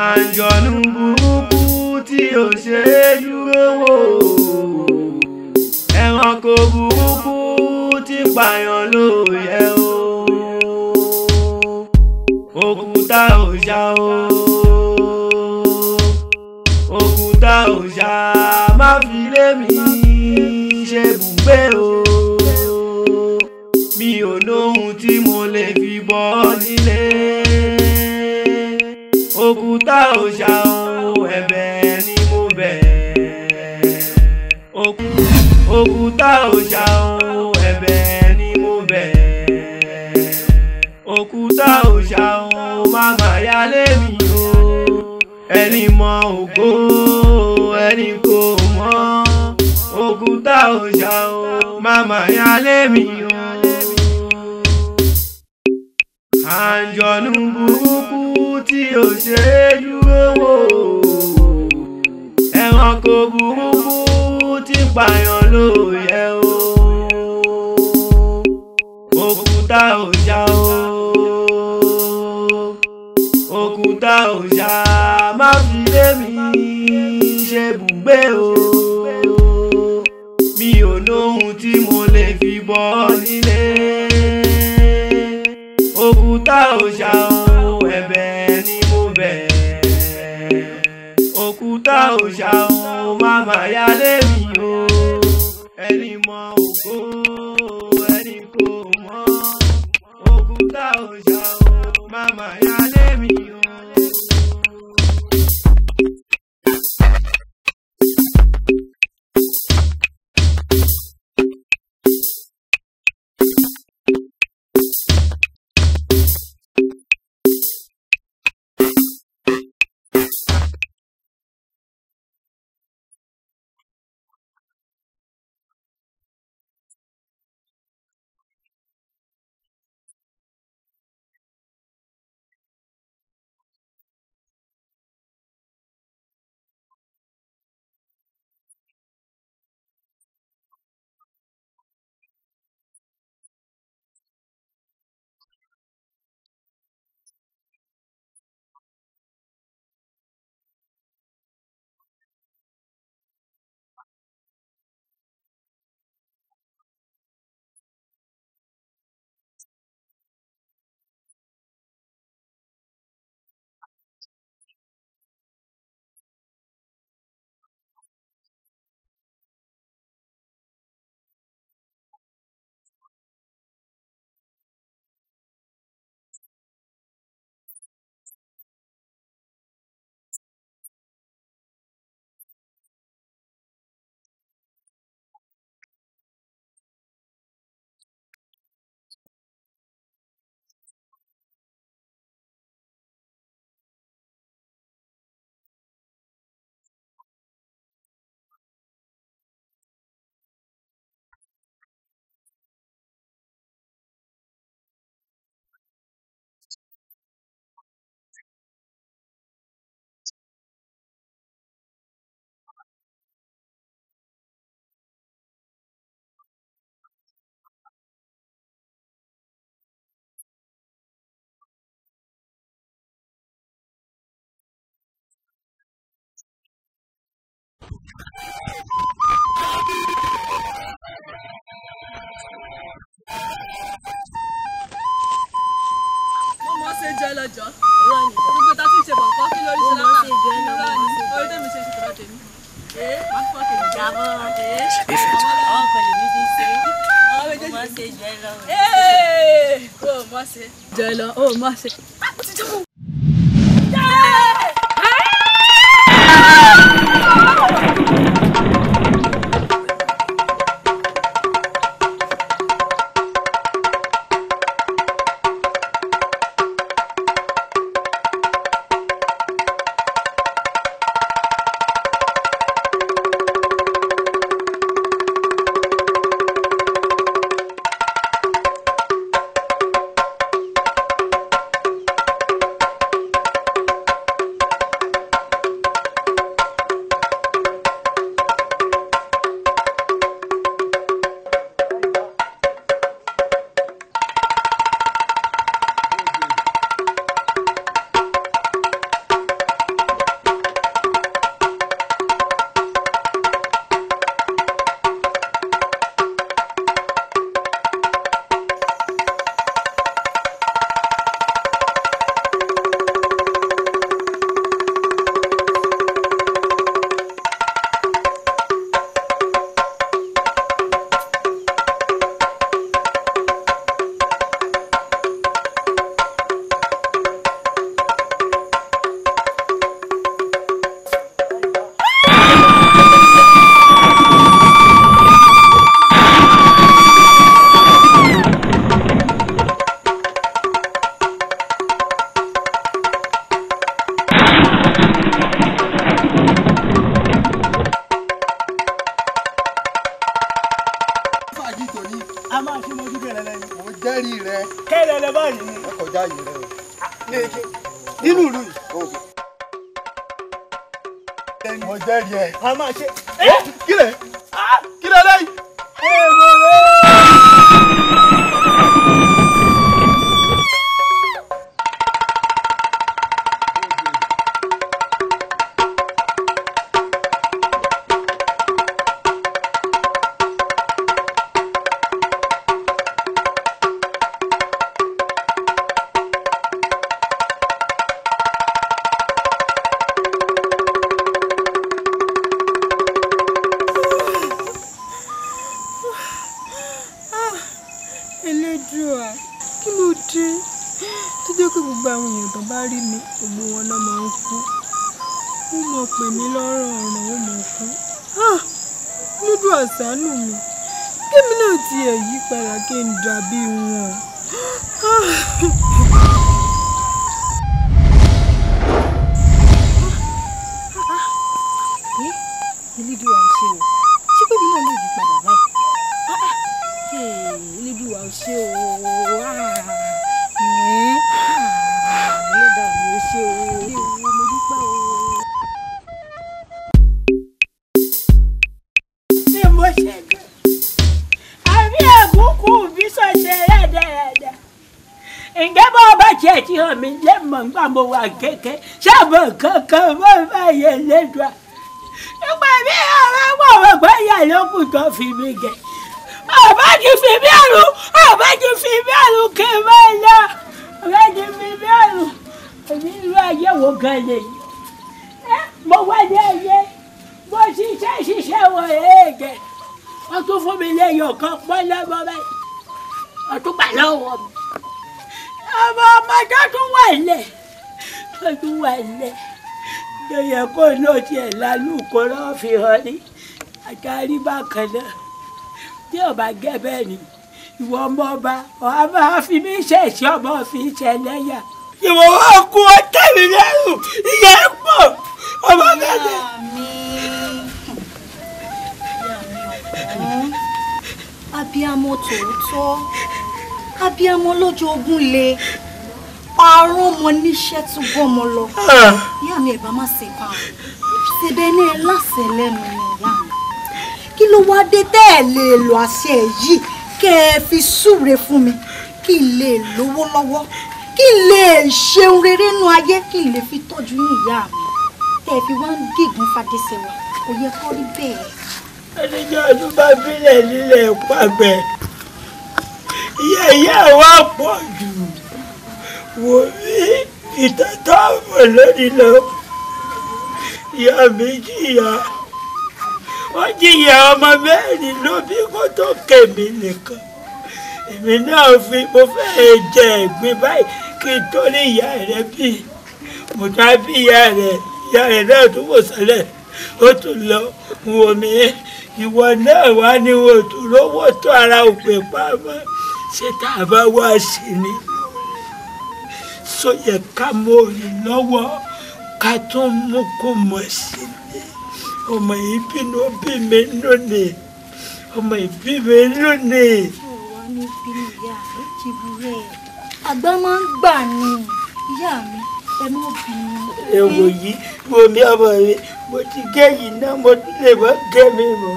àǹjọ̀nù burúkú tí ò ṣe é dúró wò ẹranko burúkú tí pààyàn ló yẹ o òkúta òòṣà o òkúta òòṣà má fi lé mi ṣe bùgbé o mi ò lóhun tí mo lè fi bọ́ gbà ó ṣá o ẹ̀bẹ̀ ni mo bẹ̀. òkúta ó ṣá o ẹ̀bẹ̀ ni mo bẹ̀. òkúta ó ṣá o mama yálé mi o ẹni mọ ògo ẹni kò mọ òkúta ó ṣá o mama yálé mi o. àǹjọ̀nù burúkú tí ò ṣe é dúró wò ẹranko burúkú tí pààyàn ló yẹ o òkúta ò o òkúta ò já má fi lé mi ṣe bùgbé o mi ò lóhun tí mo lè fi bọ́ nílé òkúta òòṣà o ẹ̀bẹ̀ ni mo bẹ̀ òkúta òòṣà o màmá yálé mi o ẹni mọ ògo ẹni kò mọ òkúta òòṣà o màmá yálé mi o. ẹ lọ́jọ́ gbogbo ta tún ṣe bọ̀ nǹkan kí lórí ṣe lára orí tèmi ṣe ṣùkúrọ̀ tèmi. Ìjàmọ̀ ọ̀hún pẹ̀lú mi ti ṣe. Ó mọ̀ ṣe jẹ́ lọ, ó mọ̀ ṣe. nígbà mo wà kéèké ṣáàbò kankan mo fẹ́ yẹ lẹ́dùá nígbà mi ọ̀rọ̀ mọ̀ wọ́n pé ìyá ló kù tó fi mí gẹ̀ ọ̀bá ti fi mí àrùn ọ̀bá ti fi mí àrùn kí n máa lọ ọ̀bá ti fi mí àrùn èmi ìlú ayé wo gan lè yí mo wá ní ayé mo ṣiṣẹ́ ṣiṣẹ́ wọ èèkẹ́ wọ́n tún fún mi lẹ́yìn ọ̀kan pọ́nlẹ́ mọ́ báyìí wọ́n tún gbà lọ́wọ́ mi ọmọ ọmọdé tún wà lẹ̀ olúwa ilẹ̀ lóye kó náà tiẹ̀ lálùkò náà fi hàn ní àtàrí bákan náà tí ọba gẹ́bẹ̀ ni ìwọ ọmọ ọba ọba máa fi mí ṣẹ̀ṣẹ̀ ọmọ fi ṣẹlẹ́yà ìwọ wá kú ọtẹ mi lẹ́rù ìyá ẹ pọ̀ ọmọ bẹ́ẹ̀ abiyamọ tòótọ́ abiyamọ lọ́jọ́ le parọ́ mọ níṣẹ́ tó gbọ́mọ lọ. Ìyá mi ẹ̀bá má ṣe pa ọ́. Ṣèbẹ̀ ní ẹ láṣẹ lẹ́nu ni ìyá mi. Kí ló wá dé tẹ́ ẹ̀ lè lo àṣẹ yìí kẹ́ ẹ fi súre fún mi kí n lè lówó lọ́wọ́ kí n lè ṣeun rere nínú ayé kí n lè fi tọ́jú ní ìyá mi. Tẹ́ ẹ fi wá ń gègùn fàdésẹ̀ wa kò yẹ kó rí bẹ́ẹ̀. Ẹnìjọ́ ọdún bá bílẹ̀ nílẹ̀ pàgbẹ́. Ìyá ìyá wa pọ̀ jù wò bí ìtàtà àbọ̀ lónìí lọ ìyá mi jìyà wọ́n jìyà ọmọ mẹ́rin ló bí kó fi mo fẹ́ jẹ ẹ̀gbin báyìí kí n tó ní ìyá rẹ bí mo dá bí ìyá rẹ ìyá rẹ náà tó wò sálẹ̀ ó tún lọ wò sóyẹ ká mórí lọ́wọ́ ká tún mú kó mọ̀ sílé ọmọ yìí bínú bí mi lónìí ọmọ yìí bí mi lónìí. ọwọ́ ní bí máa ń gbà ní ìyá mi ẹ mọ̀ bí yìí wo mi ọmọ mi mo ti gé yìí náà mo ti lè mọ gé mi mọ́.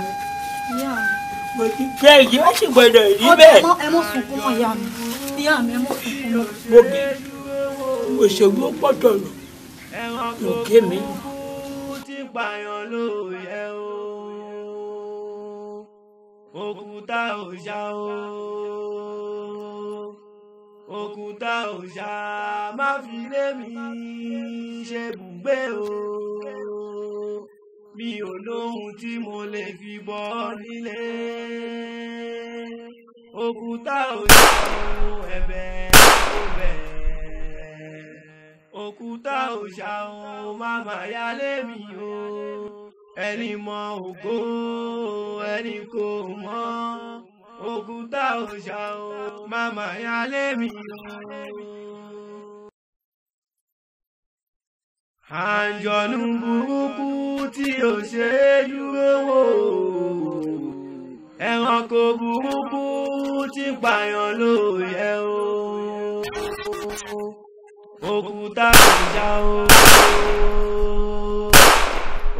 mo ti gé yìí wọ́n sì gbọ́dọ̀ rí bẹ́ẹ̀. ọ̀dọ́ ẹ mọ̀ sunkún mọ́ ìyá mi ìyá mi ẹ mọ̀ sunkún mọ́ òṣèlú ó gbọ́dọ̀ lò lòkè mi. òkúta òòṣà o òkúta òòṣà má fi lé mi ṣe bùgbé o mi ò lóhun tí mo lè fi bọ́ nílé òkúta òòṣà o ẹ̀bẹ̀ òkúta òòṣà òun má bàyá lémi o ẹni mọ ògo ẹni kò mọ òkúta òòṣà òun má bàyá lémi o. àǹjọ̀nù burúkú tí ò ṣe é dúró wò ẹranko burúkú tí pààyàn ló yẹ o òkúta òòṣà ooo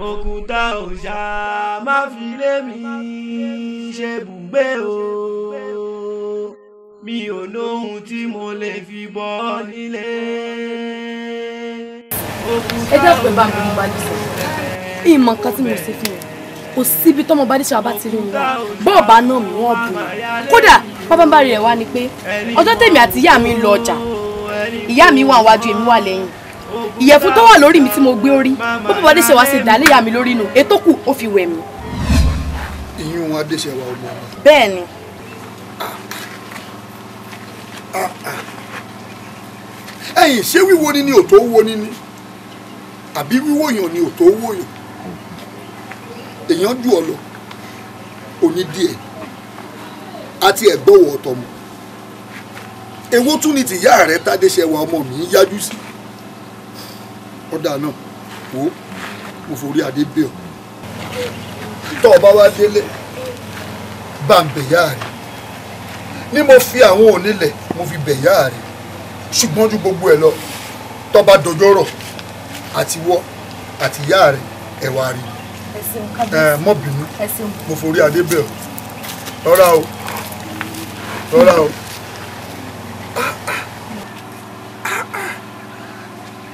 òkúta òòṣà ma fi lé mi ṣe bùgbé ooo mi ò lóhun tí mo lè fi bọ́ nílé. ẹ jẹ́ pé bá mi ń bá dìsẹ́ ìmọ̀ nǹkan tí mo ṣe fún ẹ kò síbi tọ́mọ bá dìṣà bá ti rí mi wá bọ́ọ̀ bá náà mi wọ́n bù ú kódà pápá ń bá rí ẹ̀ wá ni pé ọjọ́ tèmi àti ìyá mi ń lọ ọjà ìyá mi wà wájú èmi wà lẹ́yìn ìyẹ̀fun tó wà lórí mi tí mo gbé orí ó bí dé ṣe wá ṣe dàlẹ́ ìyá mi lórí nù ètò kù ó fi wẹ̀ mí. ìyún wọn adé ṣe wà ọmọ mi. bẹ́ẹ̀ ni. ṣé wíwo ni ni ò tó wo ni ni àbí wíwo yàn ni ò tó wo yàn èèyàn ju ọ lọ òní díẹ̀ àti ẹ̀gbọ́wọ̀ ọ̀tọ̀ mọ́. Ewo tún ni tìyá rẹ tádéṣẹwà ọmọ mi ń yájú sí ọ̀dà náà wò ó mo forí adé bẹ́ẹ̀ ọ́ tọ́ ọ bá wá délé bá ń bẹ̀yà ni mo fi àwọn onílẹ̀ mo fi bẹ̀yà rẹ̀ ṣùgbọ́n ju gbogbo ẹ̀ lọ tọ́ba dojọ́rọ̀ àti wọ́ àti ìyá rẹ̀ ẹ̀wà rẹ̀ ẹ̀ mọ́ bínú mo forí adé bẹ́ẹ̀ ọ́ rọ́ra o rọ́ra o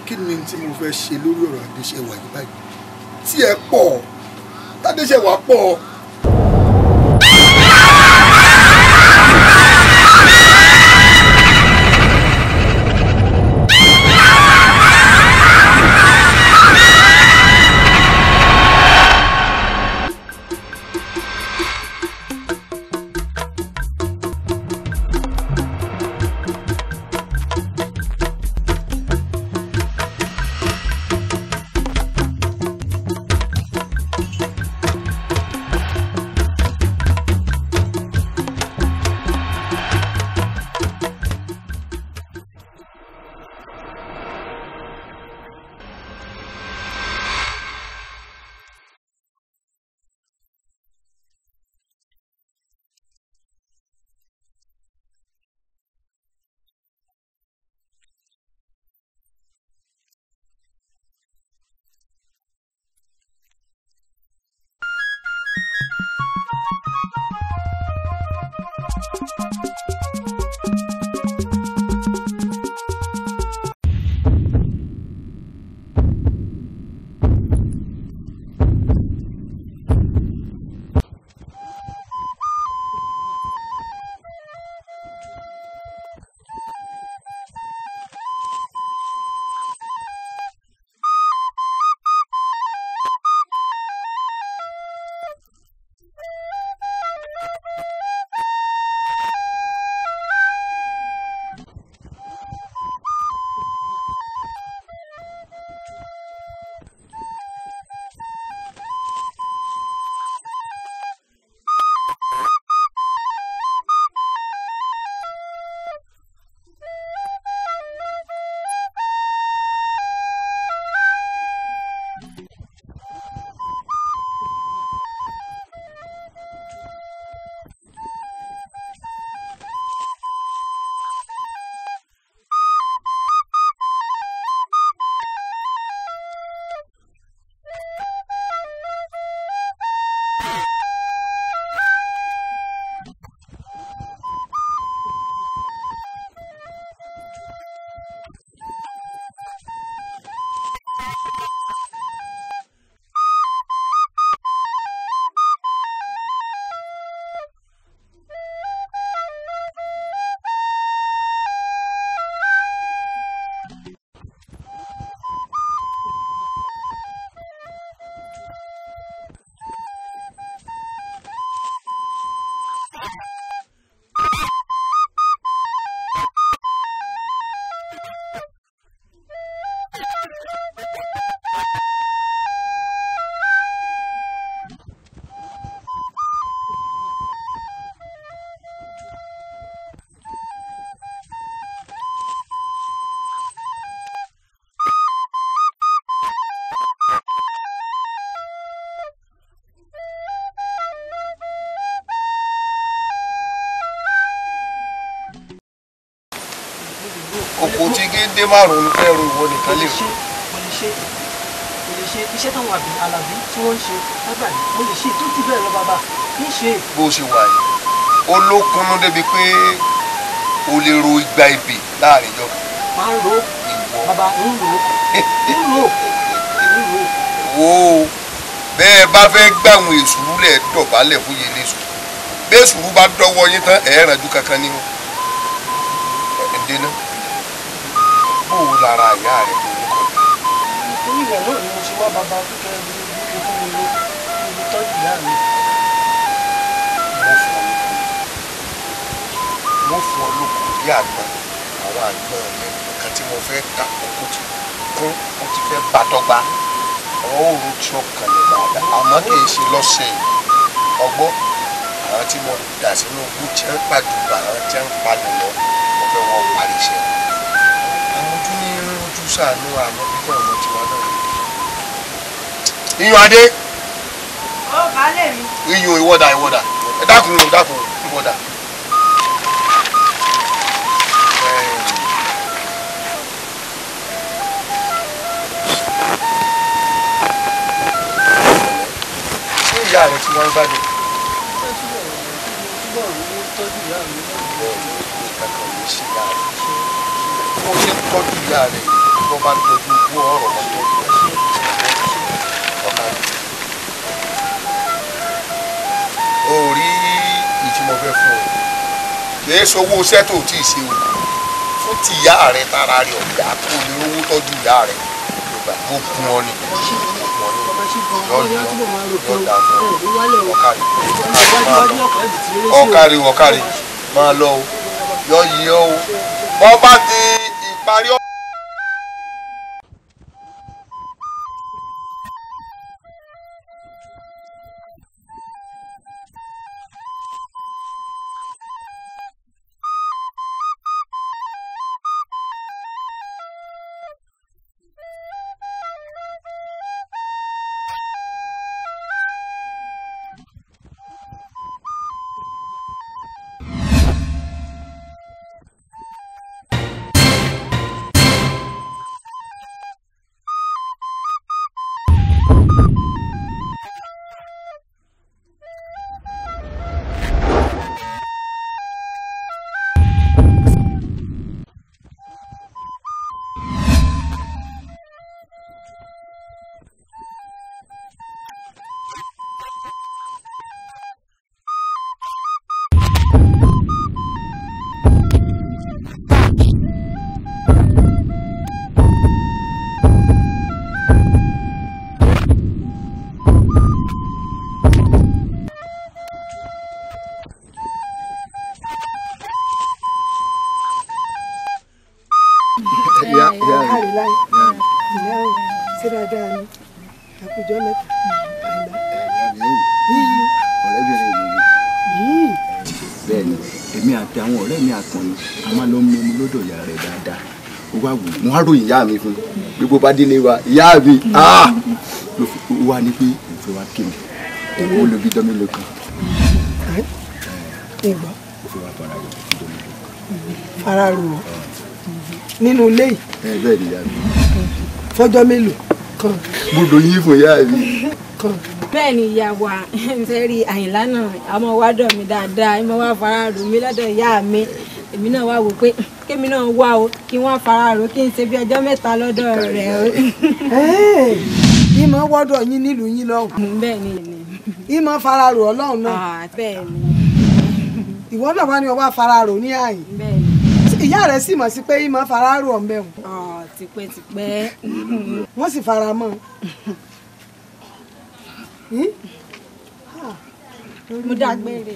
kí ni tí mo fẹ́ ṣe lórí ọ̀rọ̀ Adéṣẹ́wà yìí báyìí tí ẹ pọ̀ tádéṣẹ́wà pọ̀. dé márùn-ún fẹ́ ro ìwọ nìkan lè ro. bó ṣe wà yìí ó débi pé o lè ro igba ebè láàrin ìjọba. bàbá ń ro wo bẹ́ẹ̀ bá fẹ́ gbàwọn èsùrú lẹ̀ dọ̀bálẹ̀ fún yẹlẹ́sùn bẹ́ẹ̀ sùrú bá dọ́wọ́ yín tán ẹ̀ẹ́rànjú kankan ni ara ìyá rẹ̀ kò ní kọ́. nítorí ìwọ̀n náà ni mo ṣe wá bàbá akúkẹ́ burúkú fi fún mi ló ibi tọ́jú ìyá mi. mo fún ọ lókun bí àgbọn àwọn àgbọn rẹ nǹkan tí mo fẹ́ ta kókó ti kún ó ti fẹ́ bá dọ́gba ọ̀run tí ó kalẹ̀ dáadáa àmọ́ kì í ṣe lọ́sẹ̀ ọgbọ́n àwọn tí mo dà sínú ogun tí wọ́n pàdùbà àwọn tí wọ́n palẹ̀ lọ mo fẹ́ wọ́n parí iṣẹ́ wọn ṣàánú àná pípẹ́ ọmọ tiwa náà. iyùn adé. ó baálé mi. iyùn ìwọ́dà ìwọ́dà ẹ dákun ẹ dákun ìwọ́dà. ṣé ìyá rẹ ti wá ń bá dé. mo ṣe ń tọ́jú ìyá rẹ ló máa ń tọ́jú owó ọ̀rọ̀ wọn tó ọmọ rẹ̀. o rí ìtumọ̀ fẹ́ fún ọ kìí sowó sẹ́tò tí ì ṣe o fún tìyá rẹ tara rẹ ọ̀gá kó o ní owó tọ́jú ìyá rẹ ó kún ọ ni ọ̀kàrí ọ̀kàrí máa lọ o yọ yìí ọ o bọ́ bá ti ìparí ọ̀kàrí. àwọn ló ń mú mi lọ́dọ̀ ìyá rẹ̀ dáadáa ó wá wò mo á ròyìn ìyá mi fún bí bó bá délé wa ìyá mi ah! ó wá ní pé ìfẹ́ wa kéde ó lóbi dánmí lókun. ó fẹ́ wá fara rò dánmí lókun. fara rò ó nínú ilé yìí. bẹ́ẹ̀ ni ìyá mi. fọjọ́ mélòó kan. mo lóyún fún ìyá mi. kan bẹ́ẹ̀ ni ìyá wa ntẹ́rí àyìnlá náà àmọ́ wá dọ̀ mí dáadáa ẹ mọ́ wá fara rò mí lọ́dọ̀ ìyá mi èmi náà wá wò pé kémi náà wá o kí wọ́n fara rò kí n ṣe bí ọjọ́ mẹ́ta lọ́dọ̀ rẹ̀ o. ìmọ̀ wọ́dọ̀ yín nílùú yín lọ́hùn. bẹ́ẹ̀ ni ni. ìmọ̀ fara rò ọlọ́run náà. Ah, bẹ́ẹ̀ ni. ìwọ náà wá ní ọwọ́ fara rò ní àyìn. bẹ́ẹ̀ ni ìyá rẹ̀ sì mọ̀ sí pé ìmọ̀ fara ọ̀ mo dágbére.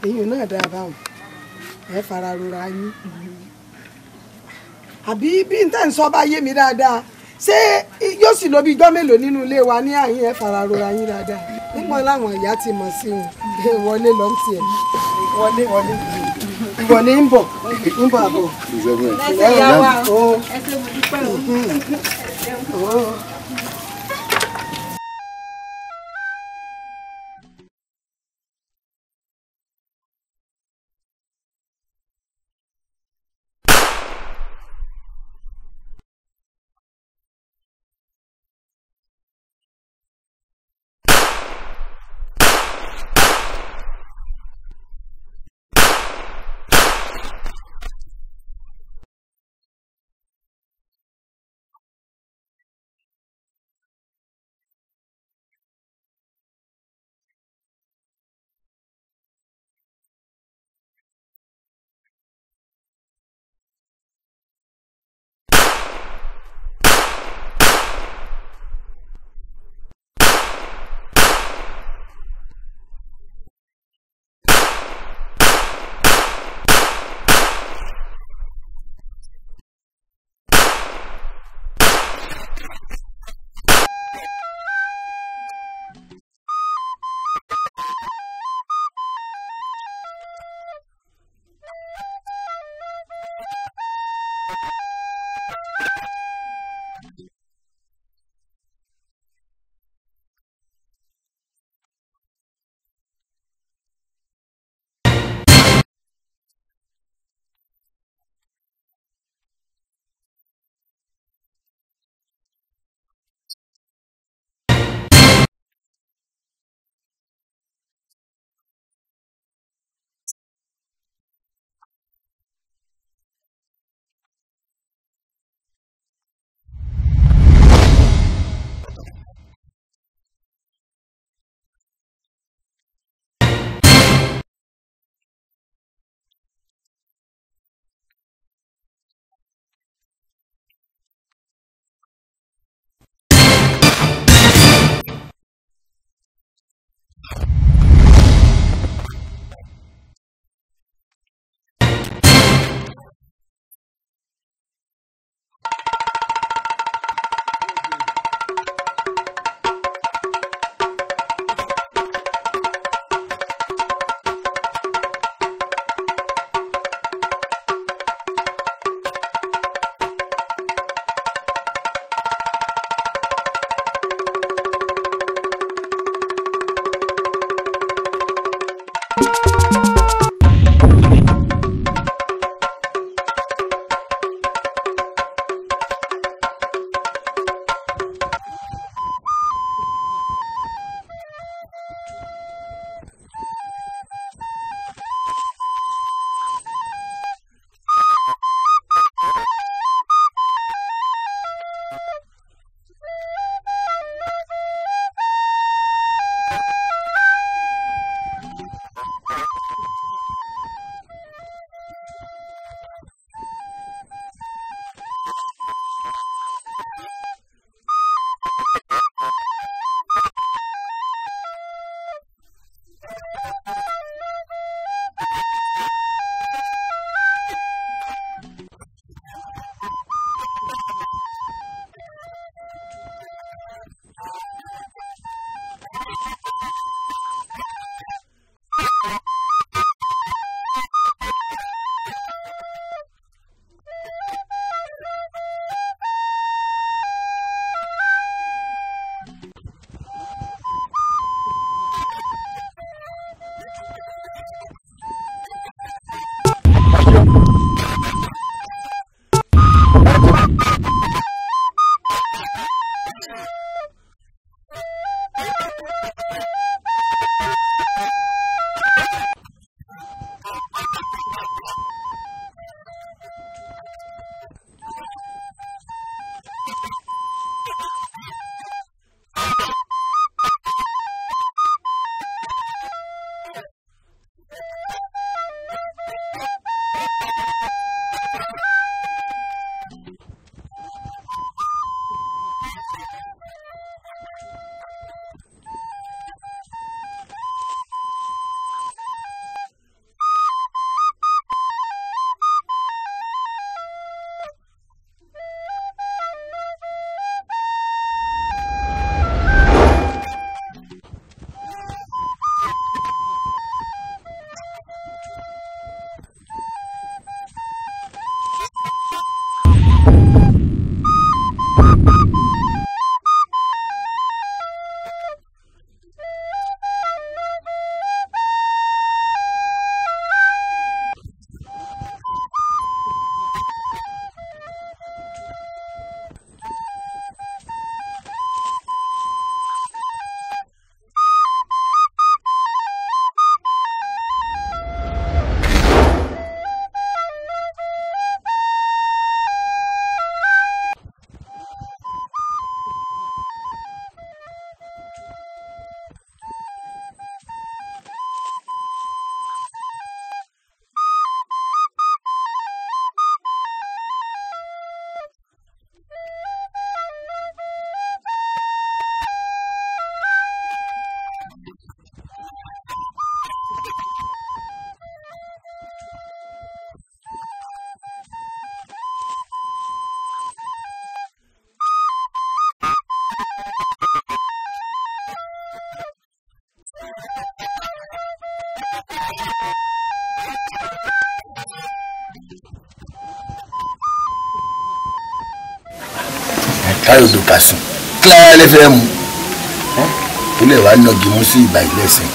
èyí náà dáa báwọn ẹ fara rora yín àbí bí n tẹ́ ń sọ bá yé mi dáadáa ṣé yóò sì lọ bí ijọ́ mélòó nínú ilé wa ní àyín ẹ fara rora yín dáadáa nígbà láwọn ìyá ti mọ̀ sí wọn wọlé lọ́n tiẹ̀ wọlé wọlé ìbọ̀ ní ń bọ̀ ń bọ̀ àbọ̀. ẹsẹ̀ yà wá o ẹsẹ̀ mo dúpẹ́ of the person clear lfm ìpínlẹ̀ wa nàgì mú sí ìgbà ìlẹ̀sìn.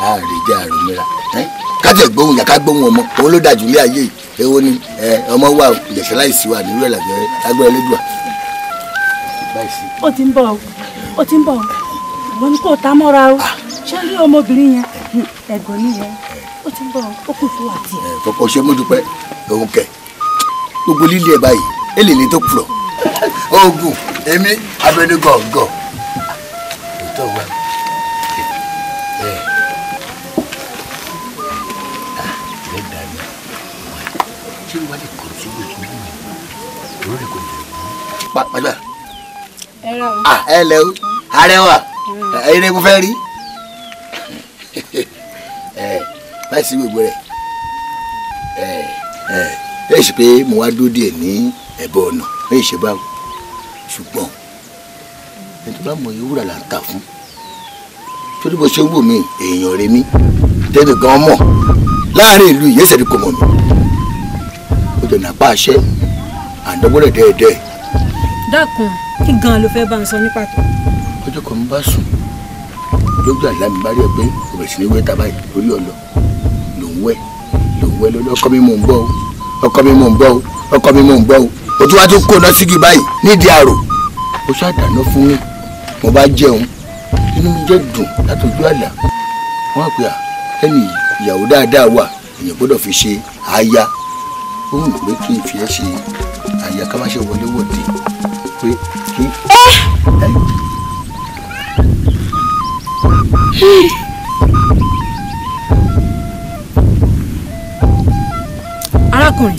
láàrin jẹ́ àrùn mìíràn kájẹ̀ gbóhùn yàká gbóhùn ọmọ òun ló dájú ilé ayé èwo ni ọmọ wa ìjẹ̀sẹ̀ láìsí wa nílùú ẹ̀làjẹ́ lágbára ẹlẹ́dùà. ó ti ń bọ̀ ó ti ń bọ̀ wọ́n ní kò tá mọ́ra o ah. ṣé rí ọmọbìnrin yẹn ẹ̀gbọ́n nìyẹn ó ti ń bọ̀ ó kù fún àti ẹ̀. kọ̀kọ́ ṣe mójúpẹ́ òun kẹ̀ gbogbo líle báyìí ẹ̀ lè lè tó pùrọ̀ oògùn èmi abẹnugọ gọ òótọ́ wa ẹ ẹ dàbí tí wàá lè kọ sí ìwé ìlú mi òró lè kọ ní ìlú. pàpàgbà ẹ lẹ o arẹwà mm. ẹyin kò fẹ́ rí ẹ báyìí sí gbogbo rẹ ẹ ẹ ẹ ṣe pé mo wá dúró díẹ̀ ní ẹ̀bọ̀ ọ̀nà ẹ ṣe báwo mọ̀yé wúrà là ń tà fún torí bó ṣe wù mí èèyàn rẹ mí tẹ́lẹ̀ gan mọ̀ láàrin ìlú ìyẹ́sẹ̀ ni kò mọ̀ mí ó dẹ̀ nàpá àṣẹ àdọ́gbọ́lẹ̀ dẹ́ẹ̀dẹ́. dákun kí gan ló fẹ́ bá ń sọ ní pàtó. ọjọ́ kan bá sùn lójú àlá mi bá rí ẹ pé sí ní wẹ́ tábà lórí ọ̀lọ́ ló ń wẹ́ ló ń wẹ́ lórí ọkọ mi mò ń bọ̀ o ọkọ mi mò ń bọ̀ o ọkọ mi mò ń bọ̀ o òtún wá tún kó náà sígi báyìí nídìí àrò ó ṣàdáná fún mi mo bá jẹun inú mi jẹ́ dùn látọjú àlà wọ́n á pè à ẹnì ìyàwó dáadáa wà èèyàn gbọ́dọ̀ fi ṣe aya ó wù pé kí n fi ẹ́ ṣe aya ká má ṣe wọlé wọ̀de pé kí. arákùnrin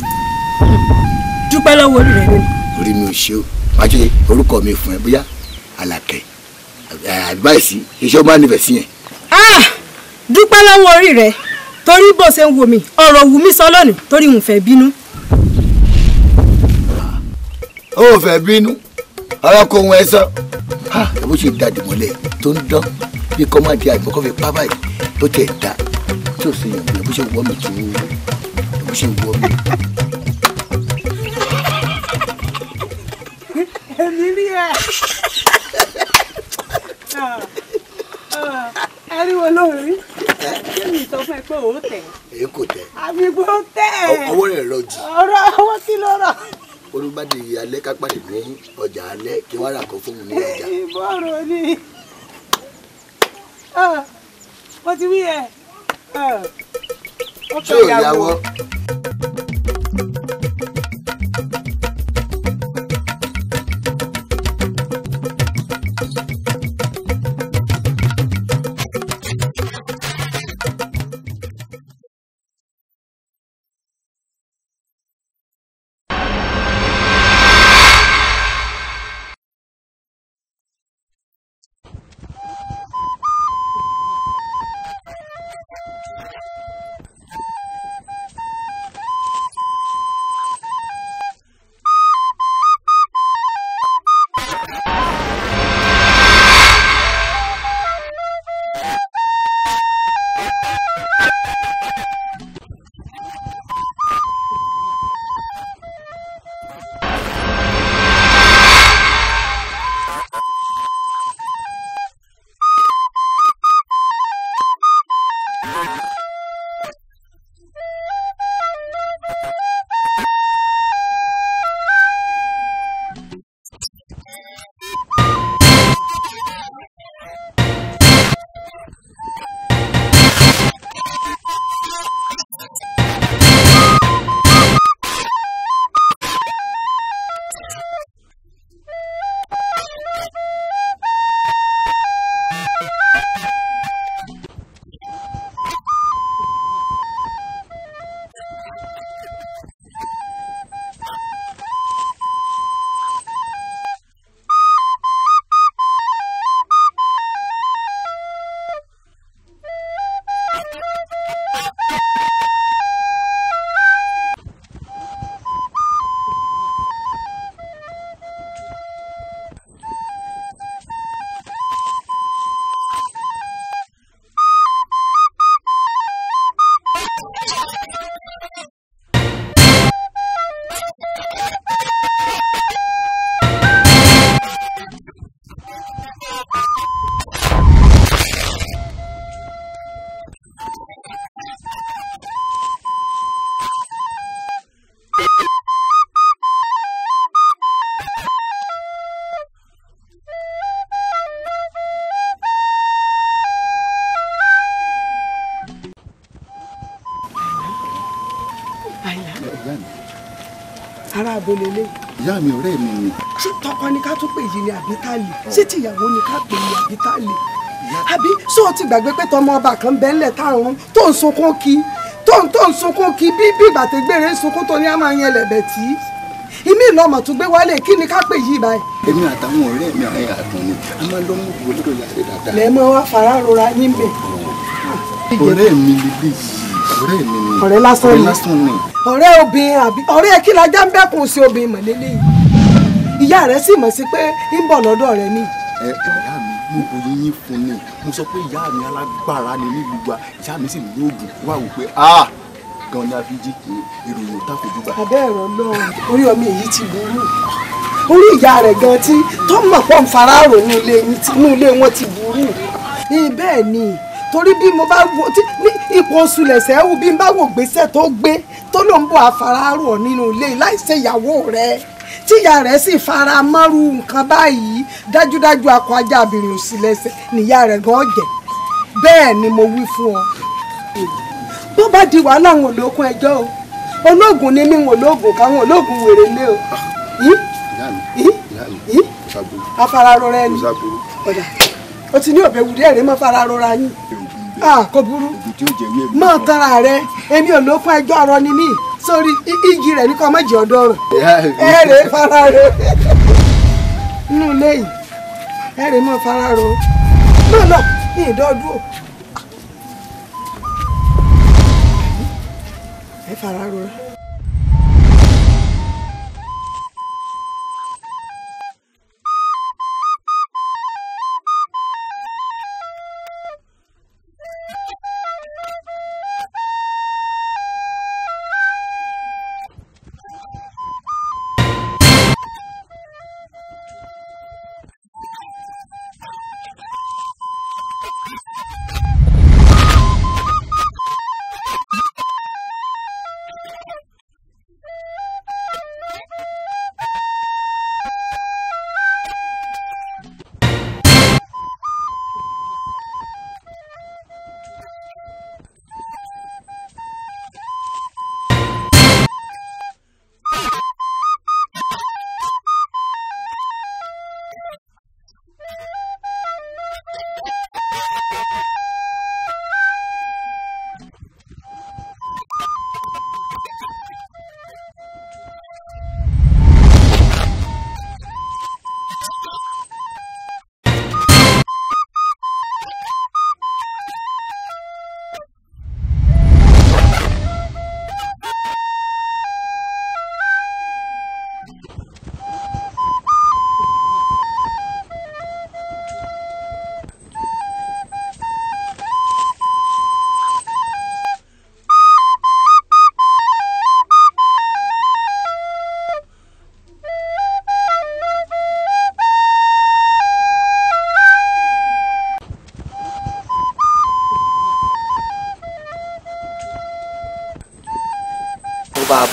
dúpẹ́ lọ́wọ́ orí rẹ lónìí. orí mi ò ṣe o máa orúkọ mi fún ẹ bóyá báyìí sí iṣẹ́ ó máa nífẹ̀ẹ́ sí yẹn. Ah, dúpẹ́ lọ́wọ́ orí rẹ torí bó ṣe ń wò mí ọ̀rọ̀ wù mí sọ lónìí torí n fẹ́ bínú. ó fẹ́ bínú arákùnrin ẹ sọ ah, ẹ bó ṣe dàdí mọ́lẹ̀ tó ń dán bí kọ́mádìí àgbọ̀n kọ́ fi pá báyìí bó tẹ̀ dá tó ṣe yàn ẹ bó ṣe wọ́ mi tó bó ṣe wọ́ mi. èmi rí ẹ ẹni wo ló rí kí ni sọ fún ẹ pé òun tẹ. èyí kò tẹ. àbígbó tẹ. ọwọ́ rẹ̀ lọ jù. ọ̀rọ̀ ọwọ́ kí ló rọ̀. olùbàdì alẹ́ kápàdé ní ọjà alẹ́ kí wàá rà kó fún mi ní ọjà. ìbọ̀rọ̀ ni ah, mo ti wí ẹ. Ah, ṣé ò lélẹ̀. ìyá mi ọ̀rẹ́ mi ni. ṣé tọkọ ni ká tún pè yìí ni àbí tá a lè ṣé ti ìyàwó ni ká pè yìí àbí tá a lè. àbí ṣé o ti gbàgbé pé tọmọ ọba kan bẹ́ńlẹ̀ táwọn tó ń sunkún kí tó ń tó ń sunkún kí bí bí bàtẹ́gbèrè ń sunkún tó ní á máa lẹ̀bẹ̀ tí ìmí ìlọmọ tún gbé wálé kí ni ká pè yìí báyìí. èmi àtàwọn ọ̀rẹ́ mi àwọn àtàn ni mi lè bí ọ̀rẹ́ mi ni ọ̀rẹ́ lásán ni ọ̀rẹ́ obìnrin àbí ọ̀rẹ́ kí lajá ń bẹ́kùn sí obìnrin mọ̀lẹ́lẹ́ yìí ìyá rẹ̀ sì mọ̀ sí pé ń bọ̀ lọ́dọ̀ rẹ̀ ni. ẹ ìyá mi mo bòye yín fún ni mo sọ pé ìyá mi alágbára ni nílùú wa ìyá mi sì ní oògùn wà wò pé ah gan ni a fi jí ìròyìn òtá fojú gbà. abẹ́ ẹ̀rọ náà orí omi èyí ti burú orí ìyá rẹ̀ gan tí tó mọ̀ pọ̀ ń farárò nínú ilé wọn ti burú. bẹ́ẹ̀ ni torí bí mo bá wo ní ipò oṣù lẹ̀sẹ̀ ẹ̀wù bí n bá wò gbèsè tó gbé tó ló ń bọ̀ àfararò nínú ilé láìsí ìyàwó rẹ̀ tíyà rẹ̀ sì fara mọ́rú nǹkan báyìí dájúdájú akọ ajá abìnrin òsì lẹ́sẹ̀ níyà rẹ̀ gan jẹ́ bẹ́ẹ̀ ni mo wí fún ọ. bó bá di wàhálà àwọn olókun ẹjọ́ o ológun ni mí wọn ológun káwọn ológun wèrè lé o. afararora ẹni ó ti ní òbẹ̀wù díẹ̀ rí mọ́ fararora yín ah kò burú mọ tara rẹ èmi ò lókun ẹjọ́ ọ̀rọ̀ ni mí sórí igi rẹ ní kò má jẹ ọdọ rẹ ẹ rè fara rẹ nínú ilé yìí ẹ rè mọ fara rẹ náà náà ní ìdọdún o ẹ fara rẹ.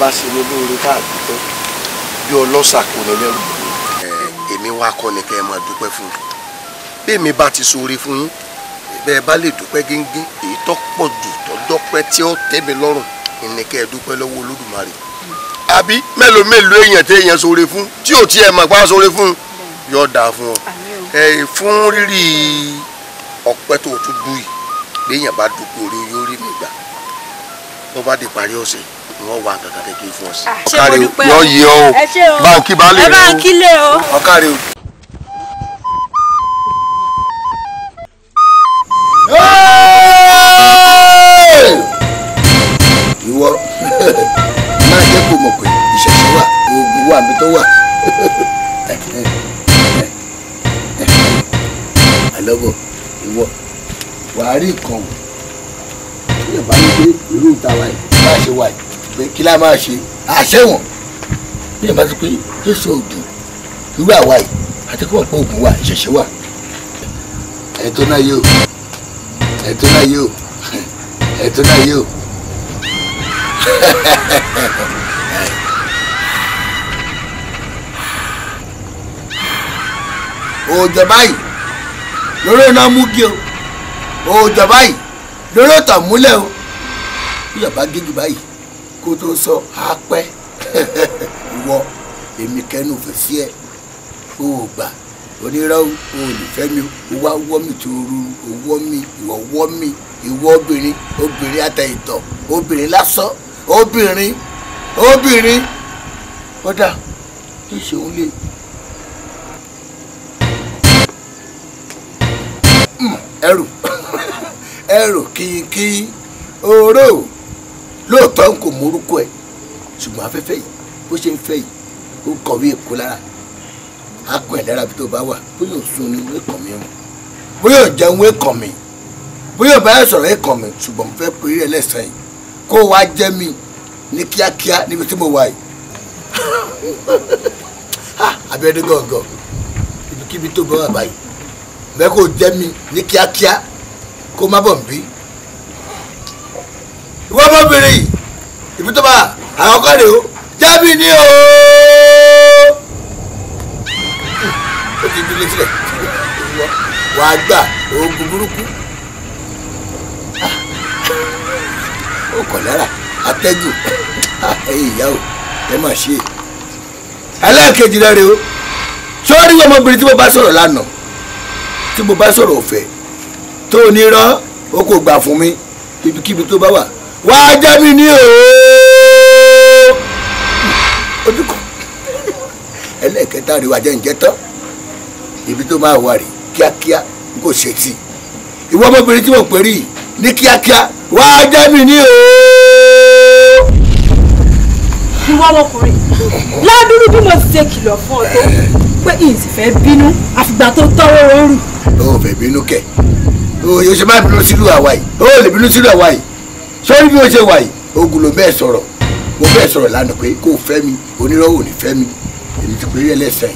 bá ṣe ní lóore káàdì tán bí ọlọ́sà kò ní lẹ́rù. èmi wá kọ́ ni kẹ́ ẹ máa dúpẹ́ fún un bí èmi bá ti ṣoore fún yín bẹ́ẹ̀ bá lè dúpẹ́ géńgé èyí tó pọ̀ jù tó dọ́pẹ́ tí ó tẹ́ mi lọ́rùn ni kẹ́ ẹ dúpẹ́ lọ́wọ́ olódùmarè àbí mélòó mélòó èèyàn tẹ èèyàn ṣoore fún tí ò tiẹ̀ mọ̀ pa ṣoore fún un yóò dáa fún ọ fún rírì ọpẹ́ tó tún dùn yìí béèyàn bá dúpẹ́ orí yóò rí mi gbà bó bá di parí ọ̀sẹ̀ yìí wọ́n wà kankan tẹ́ kí n fún ọ sí. ọ̀kàrẹ̀ yóò yí ọ o báńkì bá lè rẹ o ọ̀kàrẹ̀ o. ìwọ máa jẹ́ kó mọ̀ pé ìṣẹ̀ṣẹ̀ wà oògùn wà mi tó wà. àlọ́bọ̀ ìwọ wàá rí nǹkan wò kí lè bá ní pé irú ìta wa yìí bá ṣe wà yìí pé kí la máa ṣe àṣẹwọ̀n bí ẹ bá ti pé jésù ògùn irú àwa yìí àti kí wọ́n pé ògùn wa ìṣẹ̀ṣẹ̀ wa ẹ̀tọ́ náà yóò ẹ̀tọ́ náà yóò ẹ̀tọ́ náà yóò. òòjọ́ báyìí lórí iná mú gé o òòjọ́ báyìí lórí ọ̀tàn múlẹ̀ o bí yàrá gé jù báyìí kó tó sọ apẹ ìwọ èmi kẹnu fẹ́ sí ẹ o ò gbà oníràwù o ò lè fẹ́ mi o wá wọ́ mi tó rú o wọ́ mi ìwọ wọ́ mi ìwọ obìnrin obìnrin àtẹ̀yìntọ̀ obìnrin lásán obìnrin obìnrin kódà kí ṣeun lè. Hmm, ẹrù ẹrù kìnkìn oró lóòótọ́ n kò mórúkọ ẹ̀ ṣùgbọ́n afẹ́fẹ́ yìí bó ṣe ń fẹ́ yìí ó kọ̀wé èkó lára á ẹ̀ lára bí tó bá wà bóyá ò ni wọ́n kàn mí o bóyá ò jẹun wọ́n kàn mí bóyá ò bá sọ̀rọ̀ ẹ̀ kàn mí ṣùgbọ́n mo fẹ́ pé rí ẹlẹ́sàn yìí kó wá jẹ́ mi ní kíákíá níbi tí mo wà yìí abẹ́rẹ́ gọ̀ọ̀gọ̀ ibikíbi tó bá wà báyìí bẹ́ẹ̀ kó jẹ́ mi ní kíákíá kó má bọ̀ ń bí ìwọ ọmọbìnrin yìí ìfitọ́ba àwọn ọkọ rẹ o jábì ní o. ó ti dúró sílẹ̀ wà á gbà oògùn burúkú ó kọ̀ lára atẹ́gùn ẹ̀yìn ìyá o ẹ má ṣe é alákejì rẹ rè o sọ́ọ́rí ọmọbìnrin tí mo bá sọ̀rọ̀ lánàá tí mo bá sọ̀rọ̀ ọ̀fẹ́ tó o ní rán o kò gbà fún mi ibikíbi tó bá wà wàá jẹ́ mi ní ooo ojú kan ẹlẹ́ẹ̀kẹta rèé wàá jẹ́ ǹjẹ́ tán ibi tó máa wà rè kíákíá n kò ṣe tí ìwọ ọmọbìnrin tí mo pè rí ní kíákíá wàá jẹ́ mi ní ooo. ìwọ ọmọkùnrin ládùúrú bí mo ti ṣe kìlọ̀ fún ọ tó pé ìyìnsì fẹ́ bínú àfìgbà tó tọ́wọ́ rọrùn. o ò fẹ́ bínú kẹ̀ o yóò ṣe má bínú sílùú àwa yìí o ò lè bínú sílùú àwa yìí sórí bí o ṣe wà yìí ogun ló bẹ́ẹ̀ sọ̀rọ̀ mo bẹ́ẹ̀ sọ̀rọ̀ lánàá pé kò fẹ́ mi onírọ́wò ò ní fẹ́ mi èmi ti péré lẹ́sẹ̀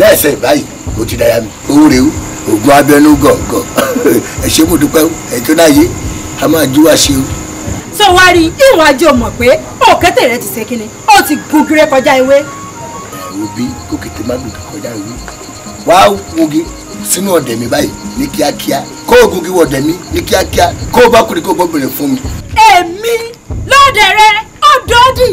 lẹ́sẹ̀ báyìí o ti dáyà mi owó rèé ogun abẹnú gọ̀ọ̀gọ̀ ẹ ṣé mo dúpẹ́ ẹ tó náà yé a máa jú wá sí o. sọ wá rí ìwọ̀n ajé o mọ̀ pé òkété rẹ ti ṣe kínní ó ti gun gírẹ́ kọjá ewé. ẹ wo bí kòkété má gùn kọjá ewé wá wogi sínú ọ̀dẹ̀ mi báyìí ní kíákíá kó oògùn kí wọ ọ̀dẹ̀ mi ní kíákíá kó o bá kúrò kó o gbọ́ fún mi. èmi lóde rẹ ọdọọdì.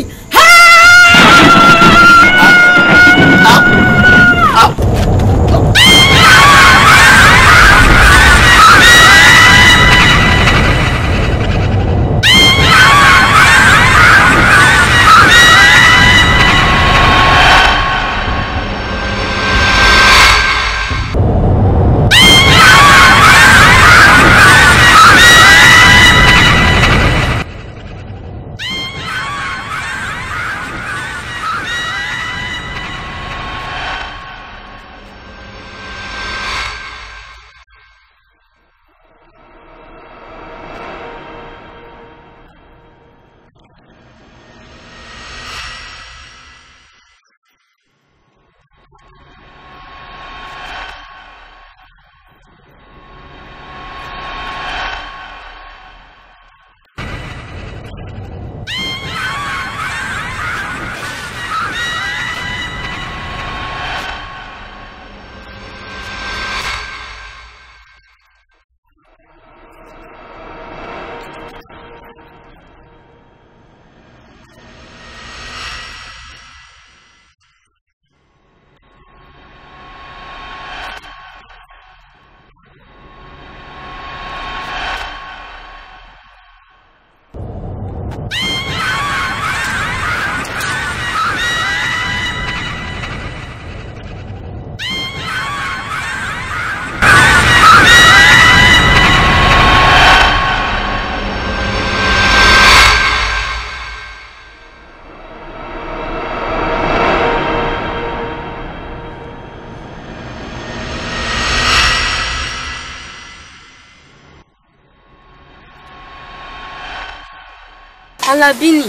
Alábí ni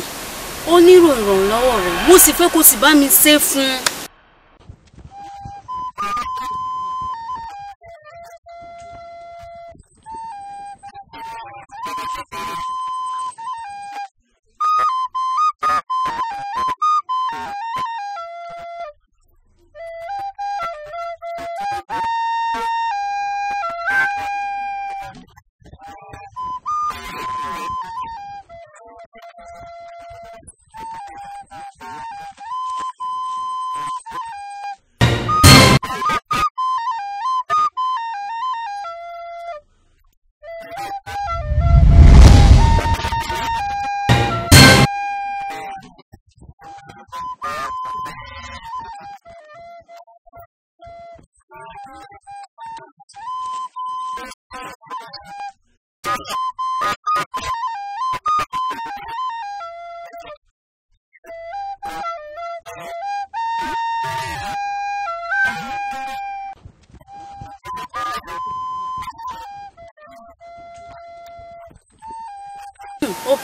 ó nílò ìrànlọ́wọ́ rẹ̀ mo sì fẹ́ kó sì bá mi ṣe fún un.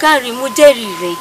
Karimu jẹ́rìí rẹ̀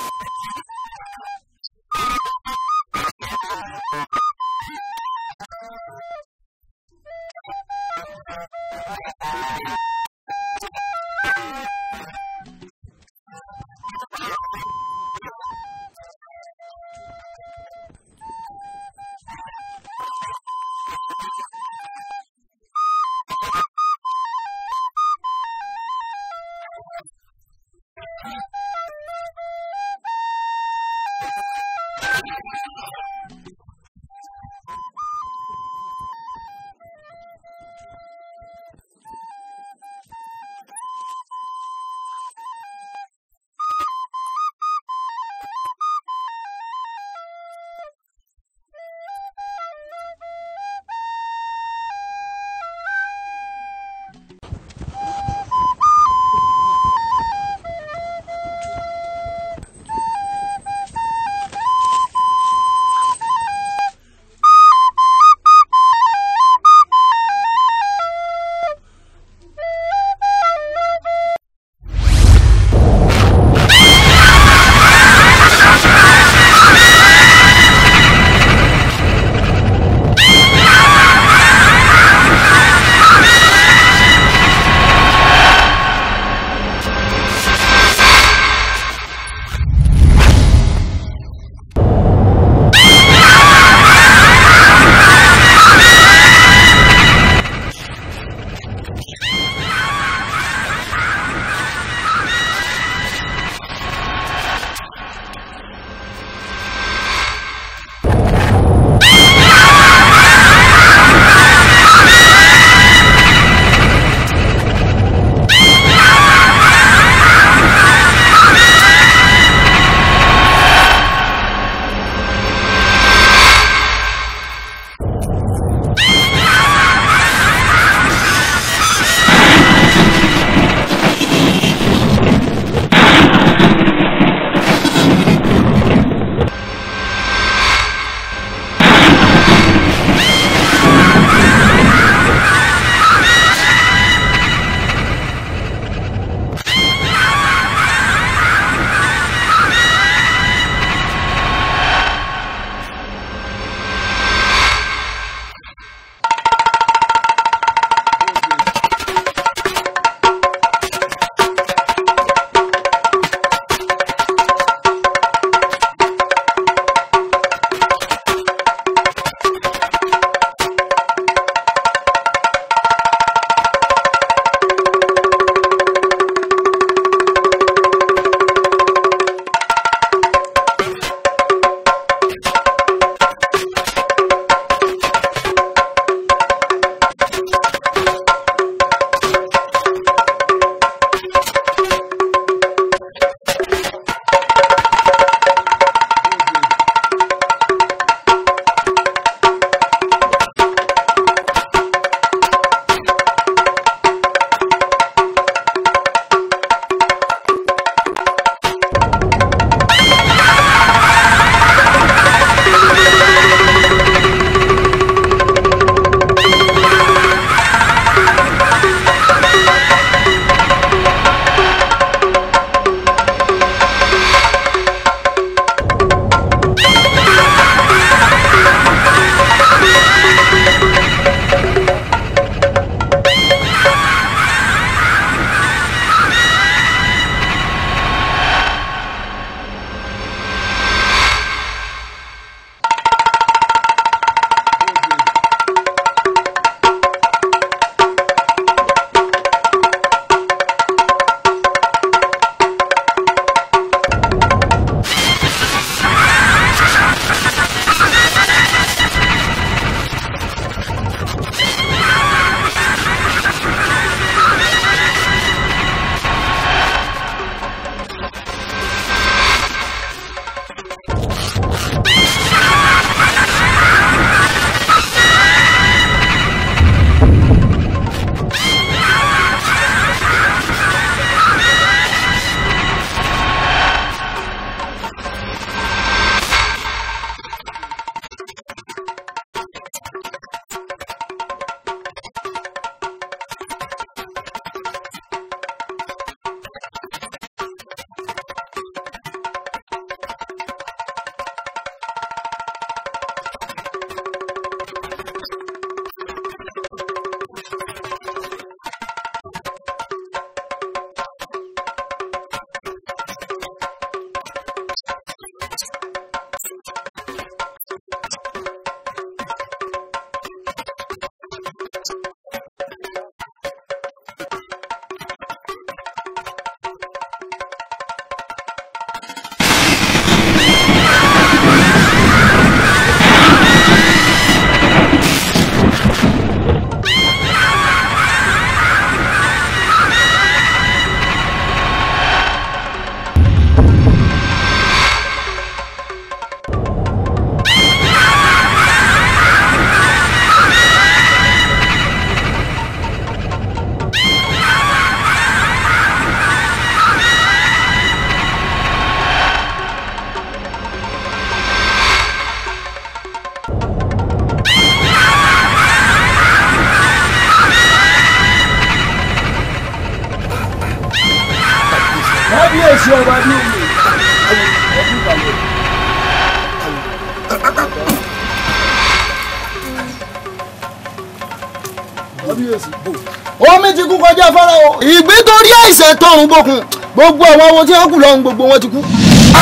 ẹ tọrùn bókun gbogbo àwọn ohun tí wọn kù lọ́hùn gbogbo wọn ti kú.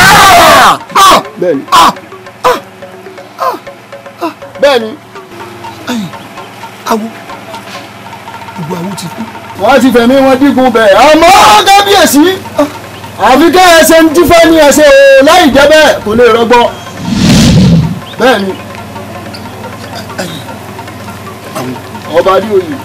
Ah! Ah! bẹ́ẹ̀ni ah! bẹ́ẹ̀ni awo gbogbo awo ti kú. wọ́n ti fẹ̀mí wọn dígun bẹ́ẹ̀ àmọ́ kábíyèsí àfi ká ẹsẹ̀ ń dífẹ́ ní ẹsẹ̀ o láì jẹ́ bẹ́ẹ̀ kò lè rọgbọ. bẹ́ẹ̀ni ọba adéoyè.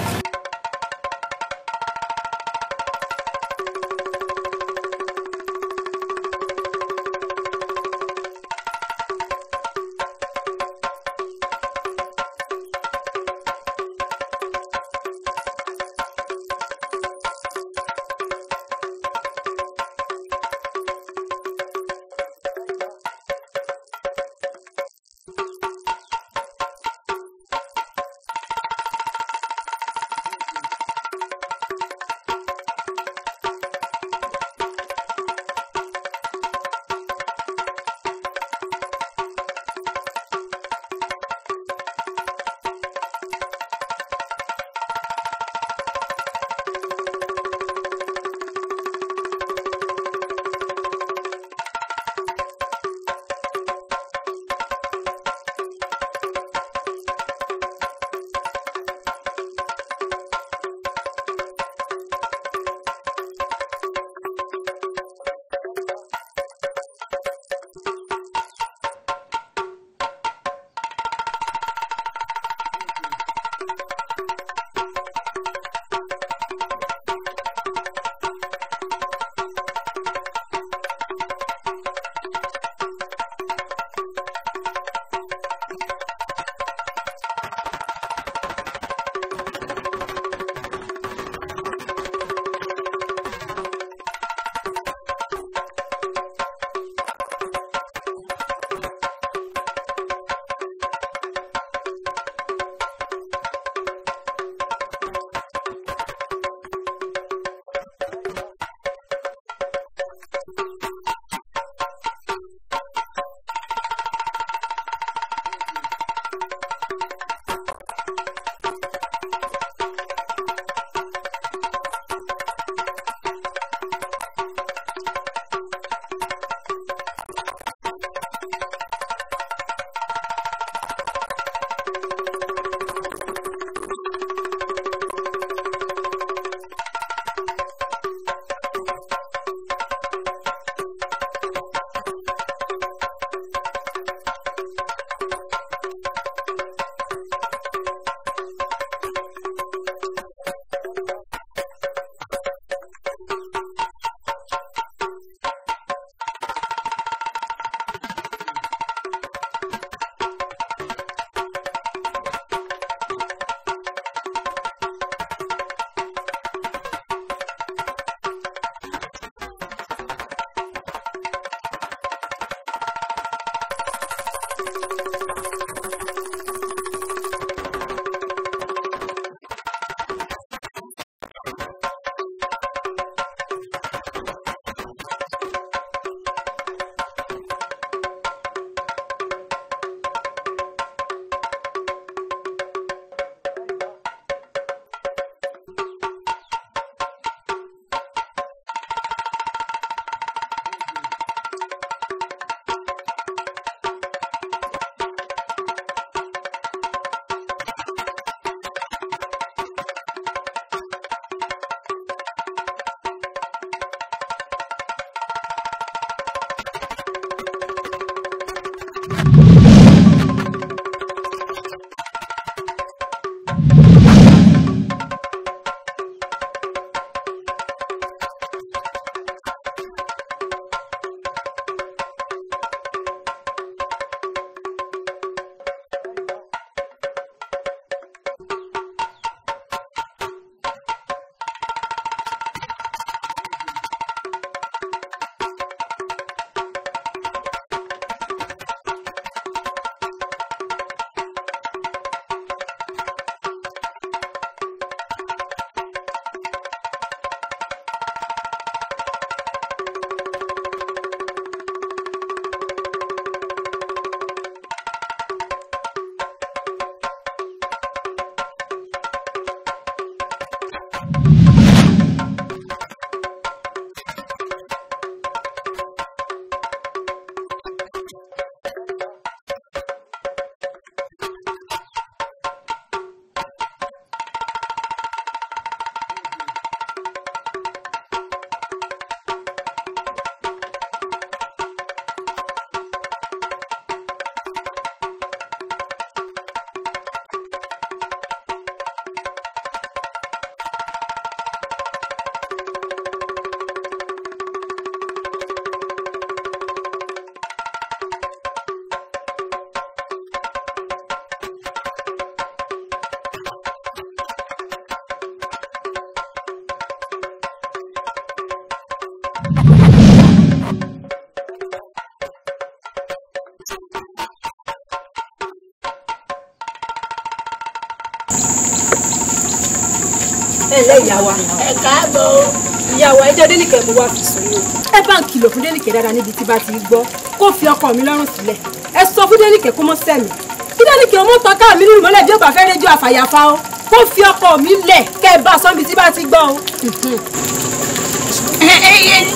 ẹjọ́ délìkẹ́ mo wá fi sùn yìí ẹ bá ń kìlọ̀ fún délìkẹ́ dáadáa níbi tí bá ti gbọ́ kó fi ọkọ mi lọ́rùn sílẹ̀ ẹ sọ fún délìkẹ́ kó mọ́ sẹ́mi kí délìkẹ́ ọmọ tán ká mi nínú mọ́lẹ̀ bí ó bá fẹ́ rédíò àfàyàfà o kó fi ọkọ mi lẹ̀ kẹ́ ẹ bá sọ́mi tí bá ti gbọ́ o.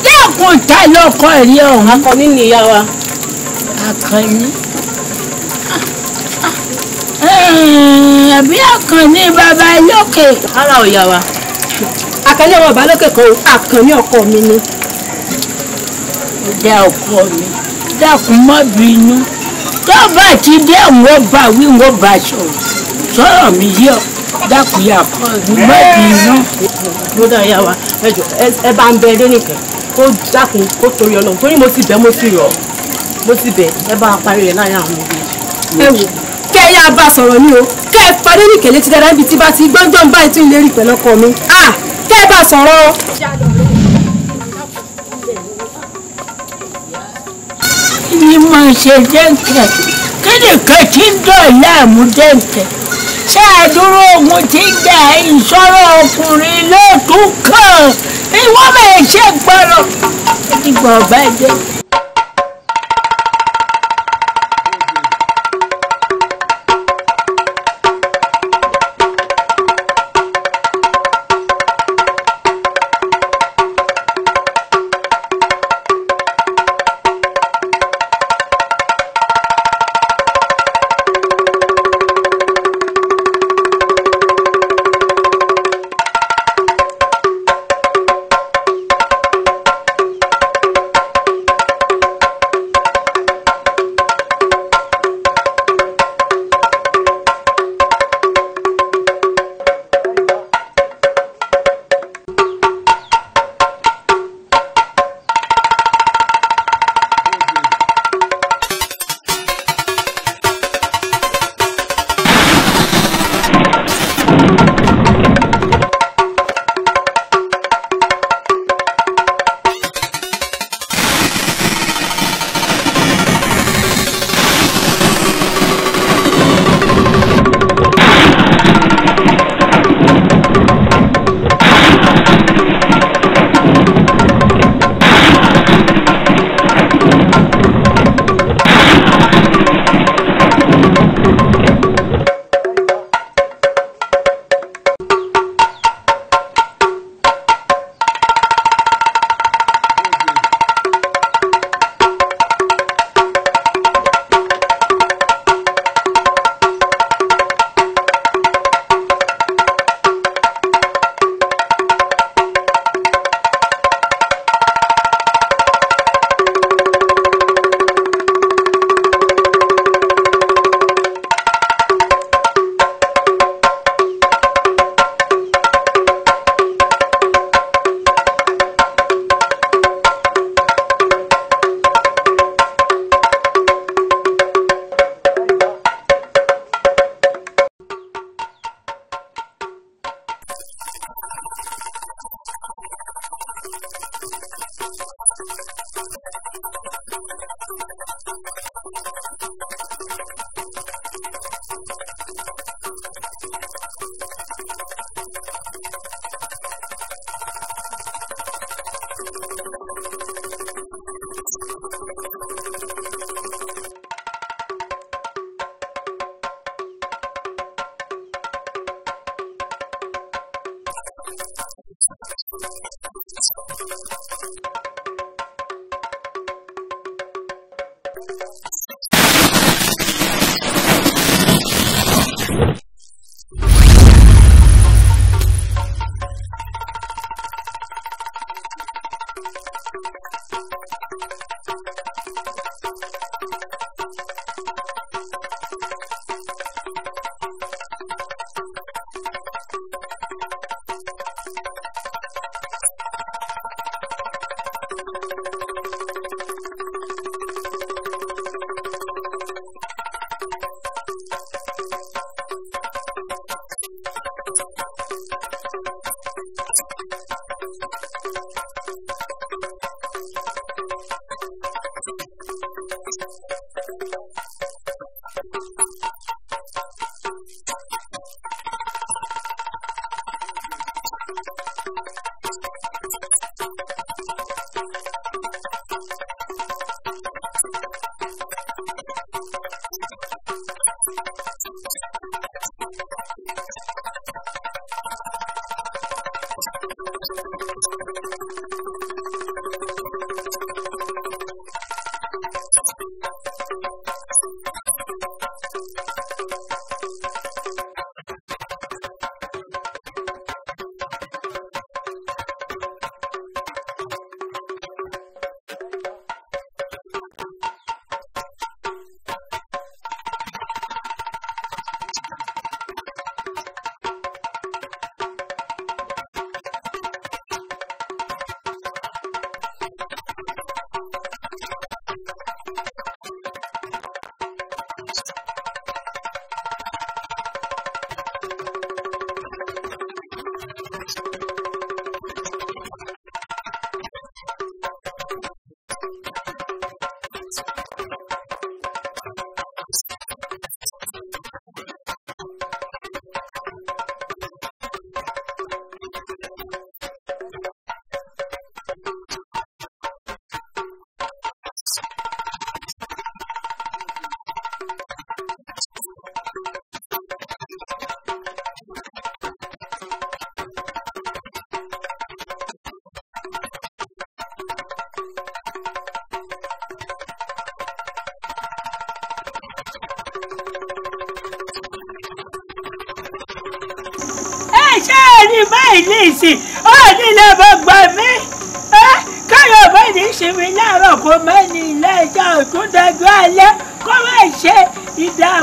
dákun ta lọkọ ẹ rí ọhún. akọni ni wa. akọni. àbí akọni bàbá lókè. ara ò yà wa àkànní ọmọ ìbálòkè kan àkànní ọkọ mi ni. dá ọkọ mi dákun má bínú tó bá ti dé wọ́n bá wí wọ́n bá sọ̀rọ̀ sọ̀rọ̀ mi yọ dákun yà kọ́ mi má bínú. mo dá ìyá wa ẹ jọ ẹ bá ń bẹ eré nìkan kó dákun kó torí Ọlọ́run torí mo ti bẹ̀ mo ti rọ̀ mo ti bẹ̀ ẹ bá wa parí rẹ̀ láàrin àwọn òbí. ẹ wò kẹ ẹ yá a bá sọ̀rọ̀ ni o kẹ ẹ parí nìkẹ́lẹ́ ti dára níbi tí bá ti gbọ́ngbọ́n báyìí tí ń lérí pẹ̀lú ọkọ mi. Ah! bá sọ̀rọ̀ ni mo ṣe dẹ́ǹkẹ̀ kí nìkan tí ń dọ̀ọ́lá mú dẹ́ǹkẹ̀ ṣé àdúró ogun ti gbà ìṣọ́rọ̀ ọkùnrin ló tún ìwọ́n bẹ̀ gbọ́rọ̀ nígbà ọba dẹ́ǹkẹ̀.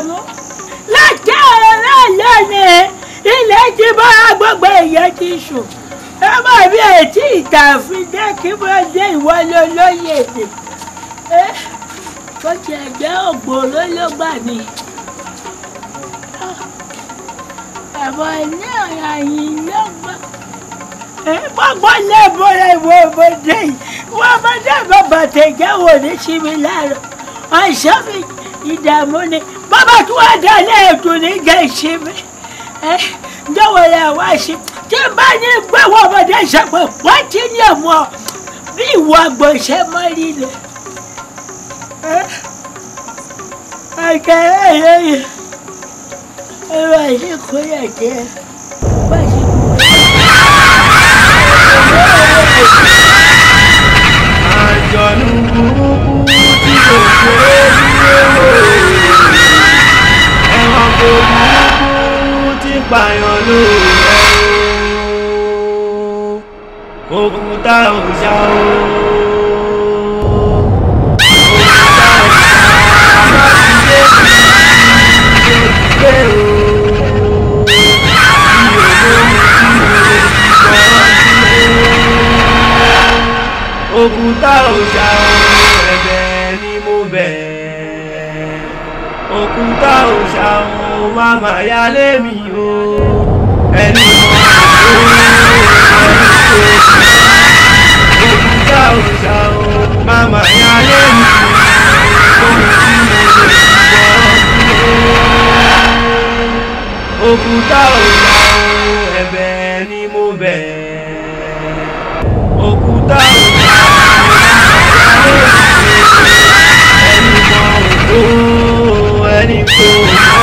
dààmú láti ọ̀rọ̀ lónìí ilẹ̀ ti bá gbogbo èèyàn ti sùn ẹ má bí ètí ìtàfin dé kí wọ́n dé ìwọ lólóyè èdè ẹ bó ti ẹ̀jẹ̀ ògbóró ló gbà mí. ẹ̀bọ̀ ilé ọ̀rọ̀ yìí ló gbà gbogbo ilé ìbúra ìwọ ọmọdé yìí wọ́n ọmọdé bàbà tẹ̀jẹ̀ wò ní síbi láàárọ̀ ọ̀ṣọ́ mi ìdààmú ni nígbà tí wọ́n dá lẹ́ẹ̀dù níjà ìṣe mi jọ̀wọ́ rẹ̀ wá ṣe tí bá ní gbẹ̀wọ̀ ọmọdé ṣàpọ̀ wọ́n ti ní ọmọ bí ìwọ àgbọ̀ṣẹ́ mọ́ lílẹ̀. àgbẹ̀rẹ̀ yẹn ẹ̀rọ àìlèkó jẹ́. pààyàn lóore o òkúta òòṣà o. òkúta òòṣà ẹ̀bẹ̀ ni mo bẹ̀ òkúta òòṣà mo máa máa yá lémi o ẹni mo òkúta òòṣà o máa máa yá lémi o òkúta òòṣà o ẹ̀bẹ̀ ni mo bẹ̀ òkúta òòṣà o ẹni mo ò tó ẹni kò mọ́.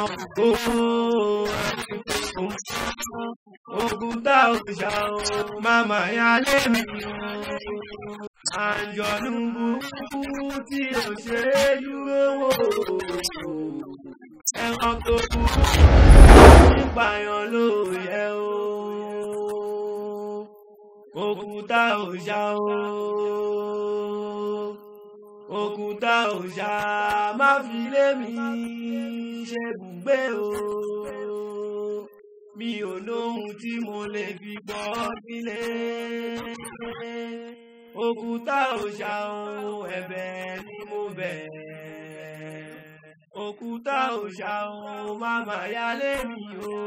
ogun tá ò ṣá o màmá yá lé mi àjọ̀nù burúkú tí ò ṣe é dúró wò ẹ̀wọ̀n tó burú nípààyàn ló yẹ o ogun tá ò ṣá o òkúta òòṣà má fi lé mi ṣe bùgbé o mi ò lóhun tí mo lè fi bọ́ sílé òkúta òòṣà ẹ̀bẹ̀ ni mo bẹ̀ òkúta òòṣà ohun má mà yálé mi o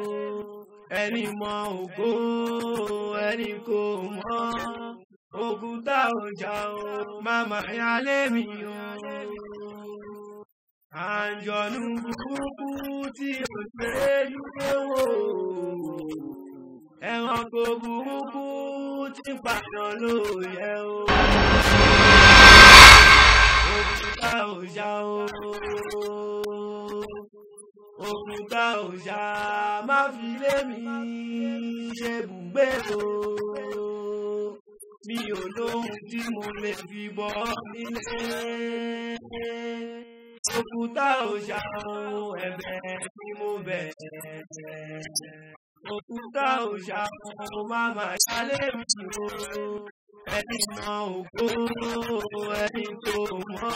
ẹni mọ ògo ẹni kò mọ̀ ogun tá ò o màmá yálé mi o. àǹjọ̀nù burúkú tí ò ṣe é dúró wò ẹranko burúkú tí pàdán ló yẹ o. ogun tá ò jà o. ogun tá ò fi lé mi ṣe bùgbé o mi ò lóhun tí mo lè fi bọ́ nílé. Òkúta òòṣà ohun ẹ̀bẹ̀ ni mo bẹ̀. Òkúta òòṣà ohun màmá yálé mi o. Ẹni mọ ògbó ẹni tó mọ́.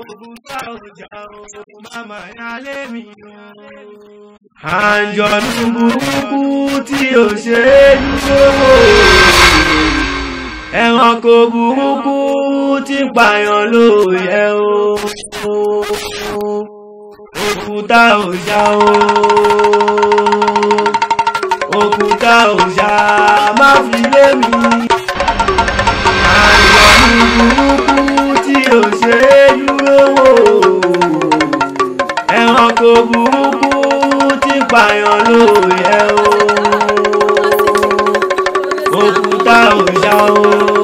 Òkúta òòṣà ohun màmá yálé mi o. Àjọ̀dún burúkú tí ò ṣe é dúró ẹranko burúkú ti pààyàn lóòyẹ o òkúta òjá o òkúta òjá má fi lé mi àìyànjú burúkú tí ò ṣe é dúró wò ẹranko burúkú ti pààyàn lóòyẹ o. Paul.